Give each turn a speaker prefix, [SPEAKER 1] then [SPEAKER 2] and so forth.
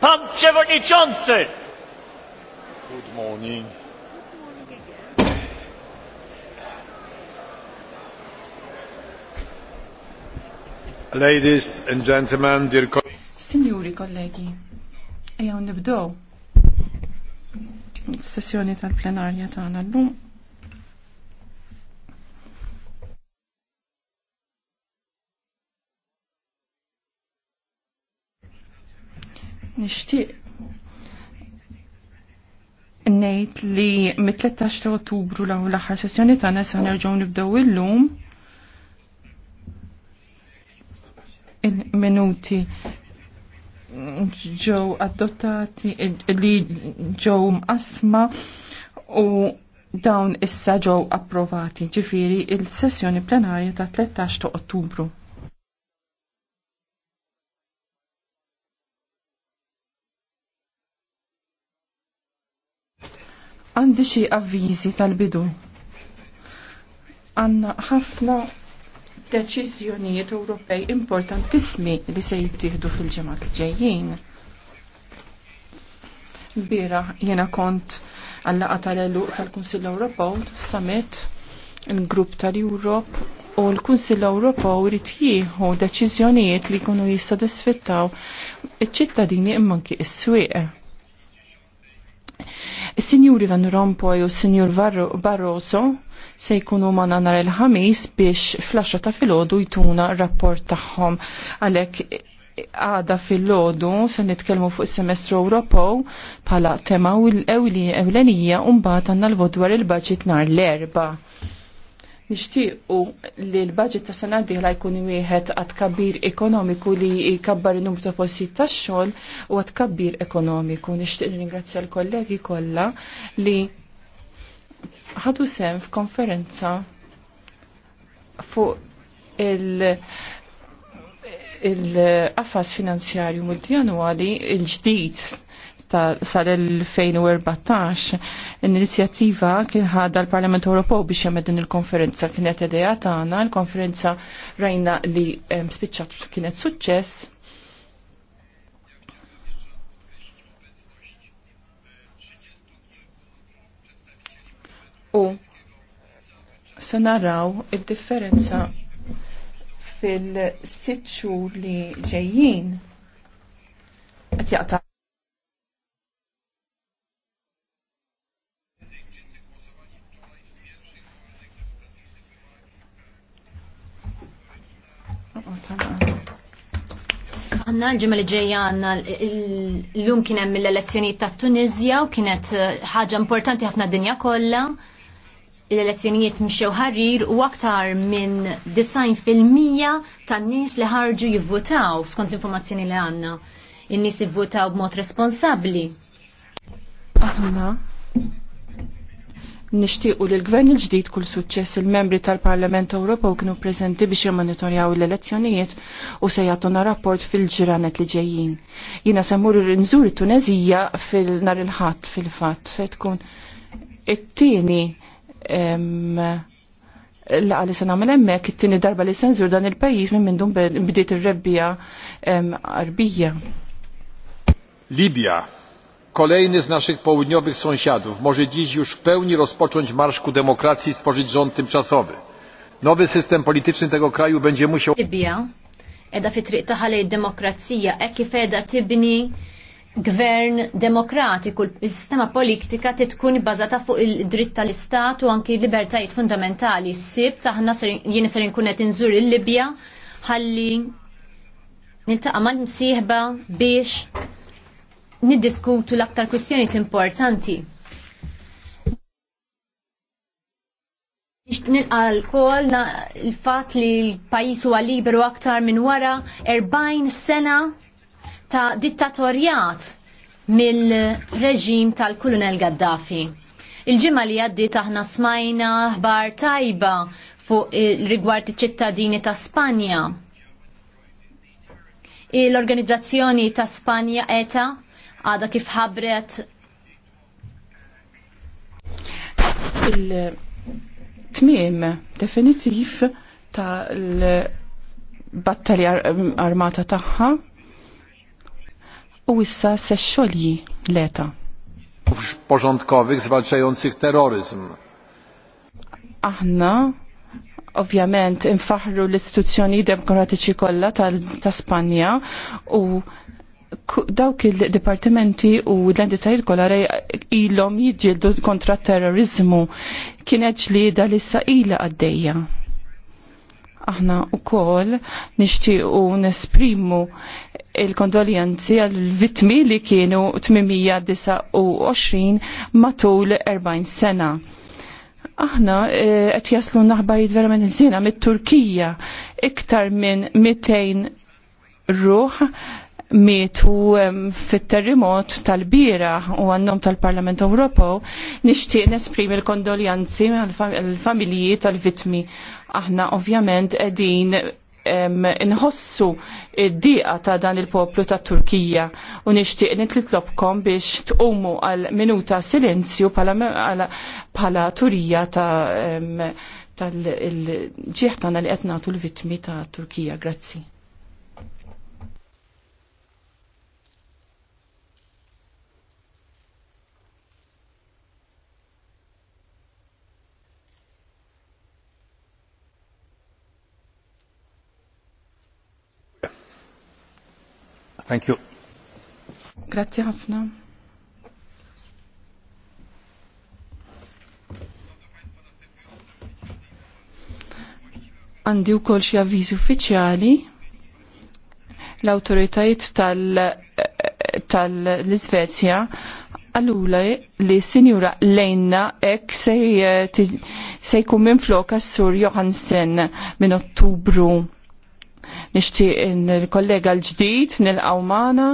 [SPEAKER 1] Pan Przewodniczący!
[SPEAKER 2] Good morning. Ladies and gentlemen, dear colleagues.
[SPEAKER 1] Signori kollegi, ejaw nibdow sessjoni tal-plenarja tagħna llum. nixtieq ngħid li mit-13 ta' Ottubru l l-aħħar sessjoni ta' nesa nerġgħu nibdew illum il-minuti ġew adottati li ġew mqasma u dawn issa ġew approvati ġifiri il-sessjoni plenarja ta' 13 ta' Ottubru. Għandi xi avviżi tal-bidu. Għanna ħafna deċiżjonijiet Ewropej importantissimi li se jittieħdu fil-ġemat l-ġejjin. Bira jena kont għallaqa tal-eluq tal-Kunsill Ewropew, summit, il-Grupp tal-Europ u l-Kunsill Ewropew irid jieħu deċiżjonijiet li jkunu jissodisfittaw iċ-ċittadini immanki is-swieq Is-Sinjuri Van Rompuy u s-Sinjur Barroso se jkunu ma nanar il-ħamis biex flaxxa ta' filodu jtuna rapport tagħhom. Għalhekk għada fil-lodu se nitkellmu fuq is-semestru Ewropew bħala tema u l-ewlenija u mbagħad għandna l-vot il-baġit nhar l-erba' nixtiequ li l-budget ta' sena diħla jkun wieħed għad kabbir ekonomiku li jkabbar il-numru ta' postijiet ta' xogħol u għad kabbir ekonomiku. Nixtieq ringrazzja l-kollegi kollha li ħadu sem f'konferenza fuq il- il-qafas finanzjarju multijanwali il-ġdid sal-2014 l-inizjattiva kien ħadda l-Parlament Ewropew biex jagħmel din il-konferenza kienet idea tagħna, l-konferenza rajna li spiċċat kienet suċċess. U se naraw id-differenza fil-sitt xhur li ġejjin qed jaqta'
[SPEAKER 2] għanna, l li ġejja għanna l-lum kienem mill-elezzjonijiet ta' Tunizja u kienet uh, ħaġa importanti ħafna d-dinja kollha. L-elezzjonijiet mxew ħarir u aktar minn 90% tan-nies li ħarġu jivvotaw skont l-informazzjoni li għandna. In-nies jivvotaw b'mod responsabbli. Aħna
[SPEAKER 1] Nixtiequ li l-gvern il-ġdid kull suċċess il-membri tal-Parlament Ewropew kienu preżenti biex jimmonitorjaw l-elezzjonijiet u se jagħtuna rapport fil-ġranet li ġejjin. Jiena se mmur nżur it-Tunezija fil-nar il-ħadd fil-fatt se tkun it-tieni laqa li se nagħmel hemmhekk it-tieni darba li senżur dan il-pajjiż minn mindum bdiet ir-rebbija qarbija.
[SPEAKER 2] Libja Kolejny z naszych południowych sąsiadów może dziś już w pełni rozpocząć marsz ku demokracji i stworzyć rząd tymczasowy. Nowy system polityczny tego kraju będzie musiał... Libja, edha fitriq taħalej demokrazija, ekki feda tibni gvern demokratiku, il-sistema politika titkun bazata fuq il-dritt tal-istat u anki libertajiet fundamentali. Sib taħna jien ser kunet inżur il-Libja ħalli nil-taqamal msieħba biex niddiskutu l-aktar kwistjoni importanti. Nilqal kol l-fat li l-pajis huwa liberu aktar minn wara 40 sena ta' dittatorjat mill-reġim tal-Kulunel Gaddafi. Il-ġimma li għaddi taħna smajna ħbar tajba fuq rigward iċ-ċittadini ta' Spanja. L-organizzazzjoni ta' Spanja ETA għada kif ħabret
[SPEAKER 1] il-tmim definitiv ta' l-battalja armata taħħa u issa se sexxolji leta.
[SPEAKER 2] Porządkowych zwalczających terroryzm.
[SPEAKER 1] Aħna ovvjament infaħru l-istituzzjoni demokratiċi kollha ta', ta Spanja u dawk il-dipartimenti u l rej kollha ilhom jidġildu kontra terrorizmu kienet li li issa ilha għaddejja. Aħna wkoll nixtiequ nesprimu il-kondoljanzi għall-vittmi li kienu 829 matul 40 sena. Aħna eh, qed jaslu naħbarijiet vera minn iż mit-Turkija iktar minn 200 ruħ mietu fit-terremot tal-bira u għannom tal-Parlament Ewropew, nixtieq nesprimi l-kondoljanzi għall-familji tal-vitmi. Aħna ovvjament qegħdin inħossu id-diqa ta' dan il-poplu ta' Turkija u nixtieq nitlitlobkom biex tqumu għal minuta silenzju bħala turija ta' tal ġieħtana li qed nagħtu l-vittmi ta' Turkija. Grazzi. Thank you. ħafna. Għandi u kol xie avvizi uffiċjali l autoritajt tal-Svezja tal għallula li sinjura lejna ek eh, se jkun floka s-sur Johansen minn ottubru Nixtieq il-kollega l-ġdid nilqgħu magħna.